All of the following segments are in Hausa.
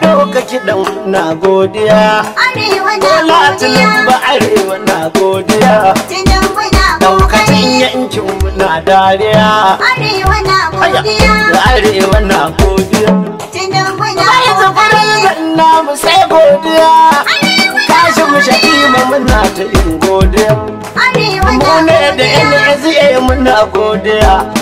ka doka kiɗan na godiya. Arewa na godiya. Bola ba arewa na godiya. na Daukacin yankin na dariya. Arewa na godiya. Arewa na godiya. mu sai godiya. Kashi mu muna ta godiya. Mu ne da NSA muna godiya.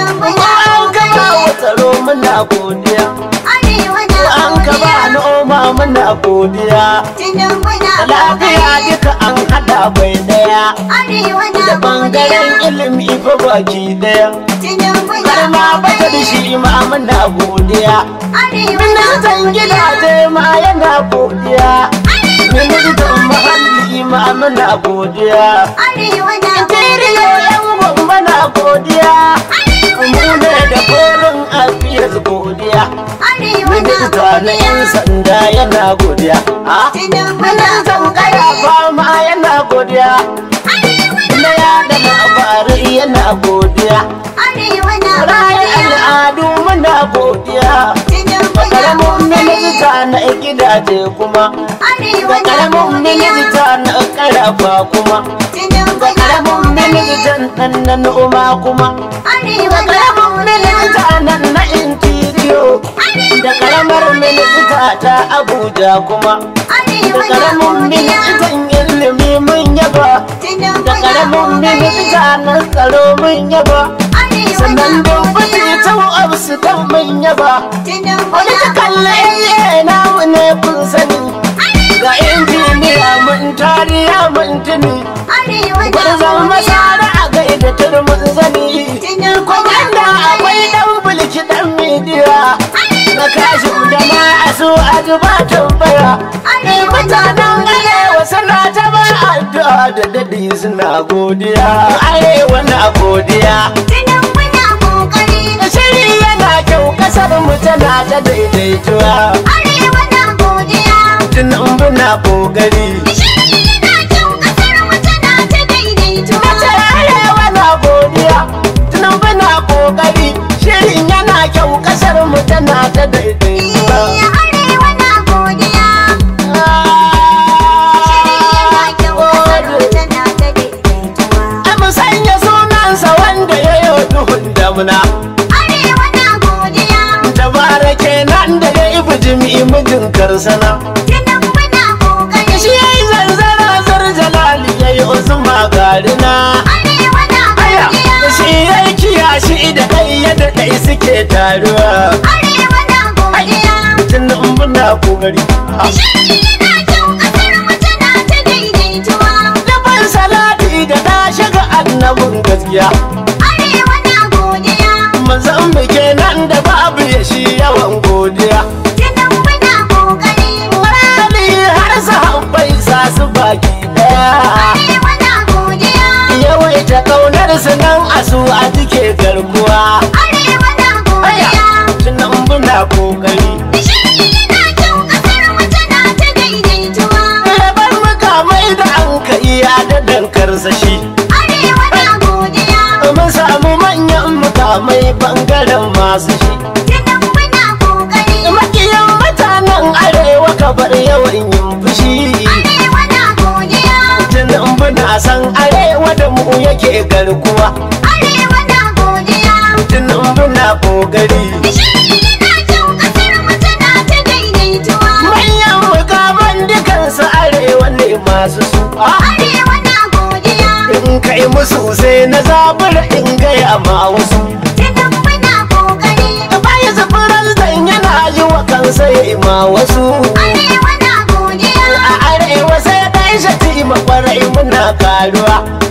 an ka wa tsaro muna godiya an ka ba noma muna godiya lafiya duka an hada bai daya da bangaren ilimi fa baki daya har ma da shi ma muna godiya ministan gidaje ma yana godiya ministan muhalli ma muna godiya Arewa na godiya. tani yan sanda yana godiya ah. a wani zangare fama yana godiya na yada labarai yana godiya rayu al'adu muna godiya karamin minista na gidaje kuma karamin minista na karafa kuma karamin ministan ɗan na noma kuma da karamin minista nan na interior da karamar minista ta abuja kuma da karamin ministan ilimi mun yaba da karamin minista na tsaro mun yaba sannan domin ta wa'absu ta mun yaba wani ta kalla iya na wune kun sani ga injiniya mun tariya mun tuni gwarzon masara a gaida turmun zani kudi suna godiya arewa na godiya tunan muna kokari shiri yana kyau kasar mu tana ta daidaituwa arewa na godiya tunan muna kokari shiri sansana shi yayi zar jalali yayi usma garina arewa shi yayi kiyashi da kai yadda kai suke taruwa arewa kokari tana ta daidaituwa da shiga annabin gaskiya dan asu a take garkuwa arewa na goriya tunan muna kokari yana kyau tana ta daidaituwa eh, bar muka mai da an da arewa na godiya mun samu manyan mukamai bangaren masu shi mutanen arewa ka bar yawan yin arewa na godiya san arewa ku yake garkuwa arewa na godiya tunan muna kokari masu su arewa na godiya in kai musu sai na zabar in gaya ma wasu tunan muna kokari baya zafirar yana yi wa kansa ya ma wasu arewa na godiya a arewa sai dai shati makwarai muna karuwa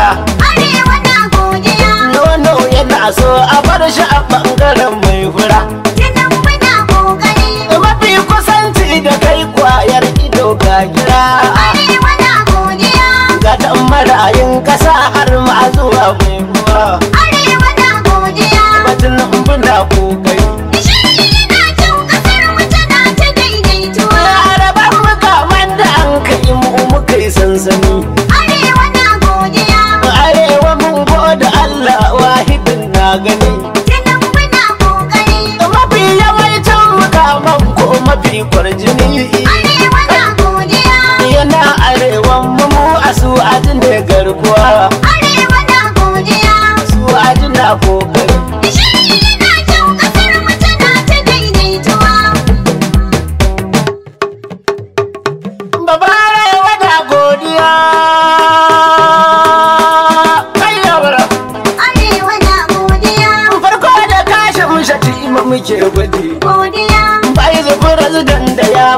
azul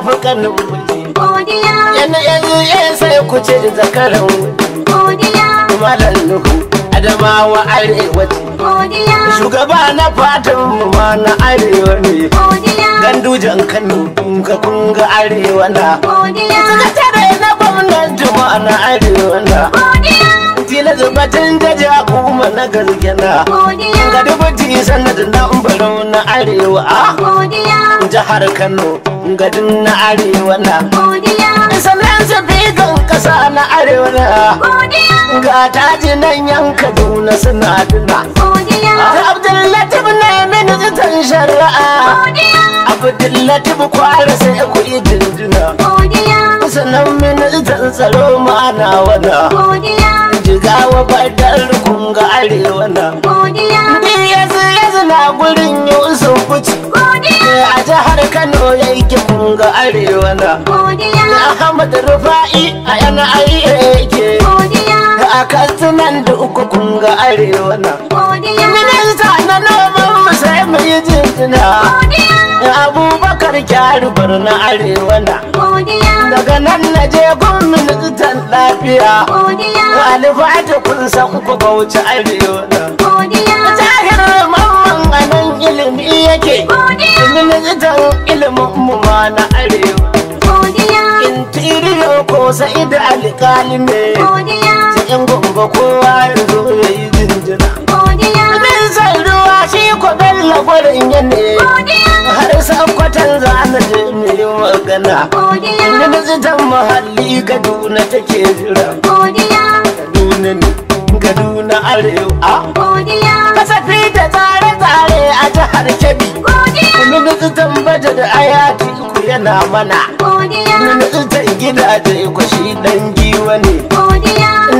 fukan nubuci godiya yana yanzu yan eh, sai ku ce zakaran godiya kuma lalluku adamawa arewa ce godiya shugaba na fatan mu ma na arewa ne godiya gandujan kano kunga kunga arewa na godiya suka na gwamnan ma na arewa na godiya zuba tun da a kuma na gargana ga dubuti sanadin na umbaro na arewa oh, jihar kano gadin na arewa na sannan su bigan kasa na arewa na ga taji nan yan kaduna suna duna abdullatif na ministan shari'a abdullatif kwara sai ku yi dindina sannan ministan tsaro ma'ana wana wa fadar kun ga arewa nan godiya yazu na gurin yusuf eh, a jihar kano yake kun ga arewa nan ahmad rufa'i a yana aiki a kasunan da uku kun ga arewa nan minista na noman sai mai jinjina har kyari na arewa na daga nan na je gomin tutan lafiya ta kun san ku bauchi arewa na zahirar mamman a nan ilimi yake ministan ilimin mu ma na arewa In intiriyo ko sa'ida alikali ne cikin gumba kowa ya zo ya yi jinjina. Min san ruwa shi ko bella gwarin yane. za na je mu yi magana da likitan muhalli kaduna take jira kaduna ne kaduna arewa kasafi da tsare-tsare a jihar kebbi kuma likitan baje da ayati ku yana mana na likitan gidaje ku shi dan giwa ne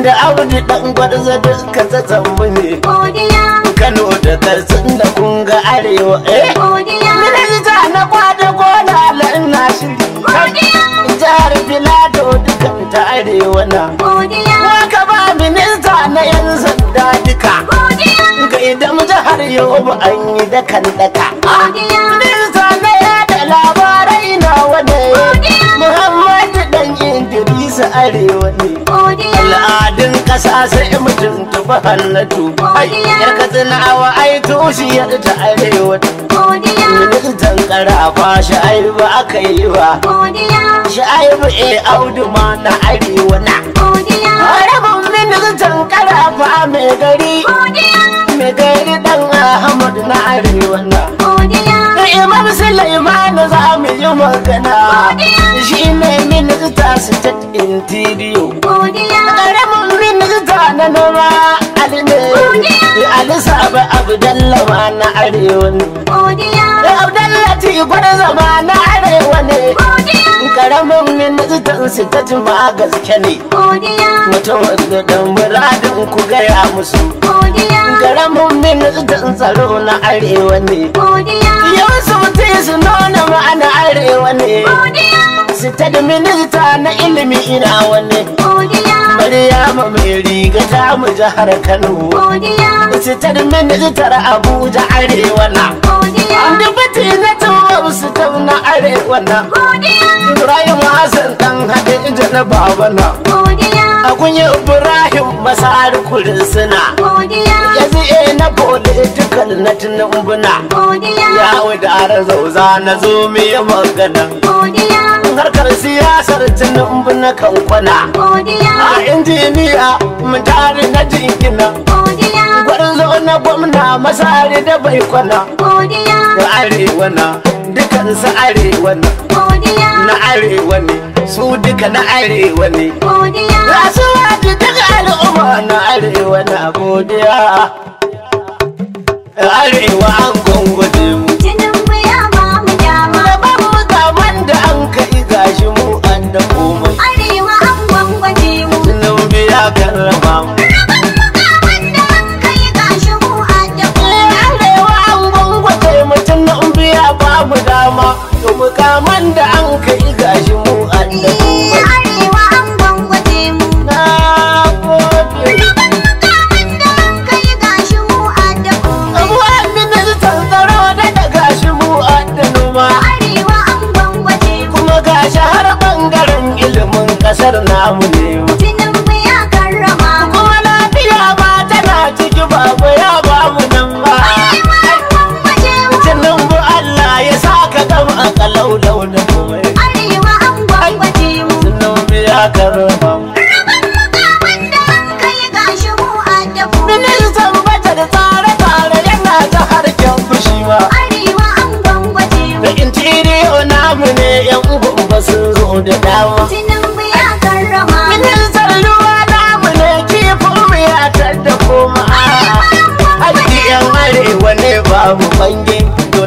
da audi dan gwarza da ka tsatsan mu ne kano da karsin da kunga arewa eh ayubu an yi dakan daka minista na yada labarai na wane muhammadu dan idrisa arewa ne al'adun ƙasa sai mutum tufa hallatu yar katsinawa ai e audu ma na arewa na yanzu tankara fa mai gari mai gari dan ahmad na arewa na da imam sulaiman za mu yi magana shi ne minista state interior ƙaramin minista na noma alime ali sabi abdallama na arewa ne da abdallati gwada zama na arewa ne karamin ministan su ta jima gaske ne mutum da muradin ku gaya musu karamin ministan tsaro na arewa ne yau su mutum su nuna ma'ana arewa ne su ta minista na ilimi ina wani Maryama mai riga ta mu jihar Kano. Sitar ministar Abuja Arewa na. kare wannan Ibrahim Hassan dan haɗe ija na babana A kunye Ibrahim masar kurin suna Yazi'e na bole dukkan na tunumbuna ya da ara zauza na zo miya magana Harkar siyasar tunumbuna kan kwana A injiniya mun tare na jingina Gwarin zo na gwamna masari da bai kwana. baikwana ya arewa na dukansu arewa ne na arewa ne su duka na arewa ne rasuwa ji duka al'umma na arewa na godiya arewa an gwangwaje mu Arewa an gwangwaje mu.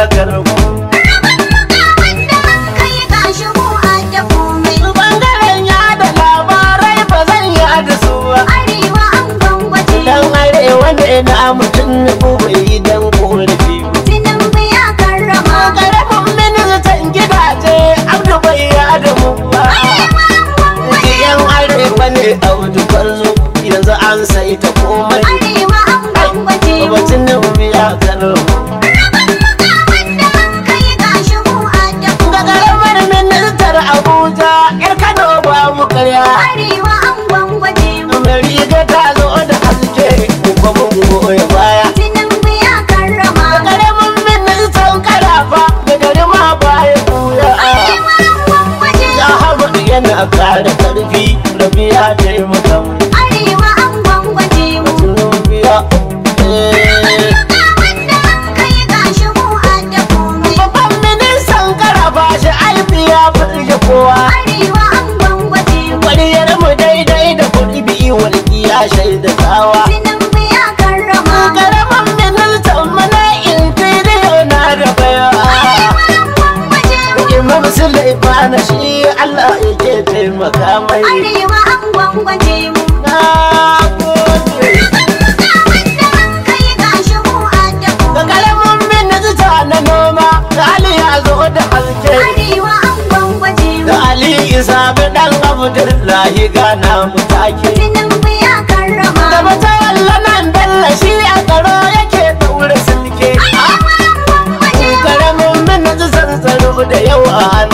waƙar mu. Bangaren yada labarai ba zan yi adasu ba. Arewa an gwangwaje. Dan arewa ne na mutum na kuma ya karrama. gidaje Abdu bai yada Arewa an arewa ne yanzu an sai ta komai. Arewa an ya karrama. na shi Allah ya taimaka mai. Arewa an gwangwaje mu. Na noma da Arewa an gwangwaje Abdullahi gana take. mu karrama. Da mata nan shi a tsaro yake daure silke. Arewa Karamin da yawa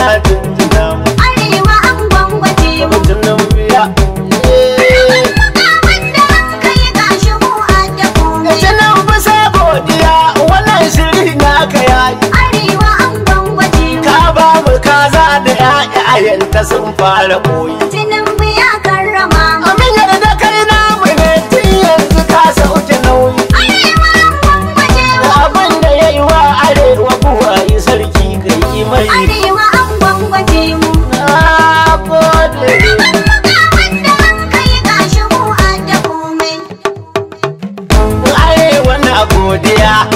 'ya'yanta sun fara koyi jinin biya karrama amin yarda kai na mu tun yanzu ka sauke nauyi abin da ya yi wa arewa kuwa yi sarki kai yi mai arewa an gwangwaje mu na gode godiya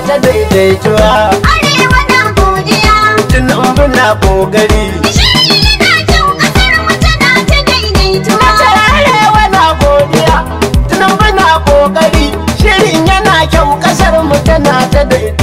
na ta daidaituwa arewa na godiya muna kokari shiri yana kyau kasar tana ta daidaituwa na godiya kokari shirin yana kyau kasar mu tana ta daidaituwa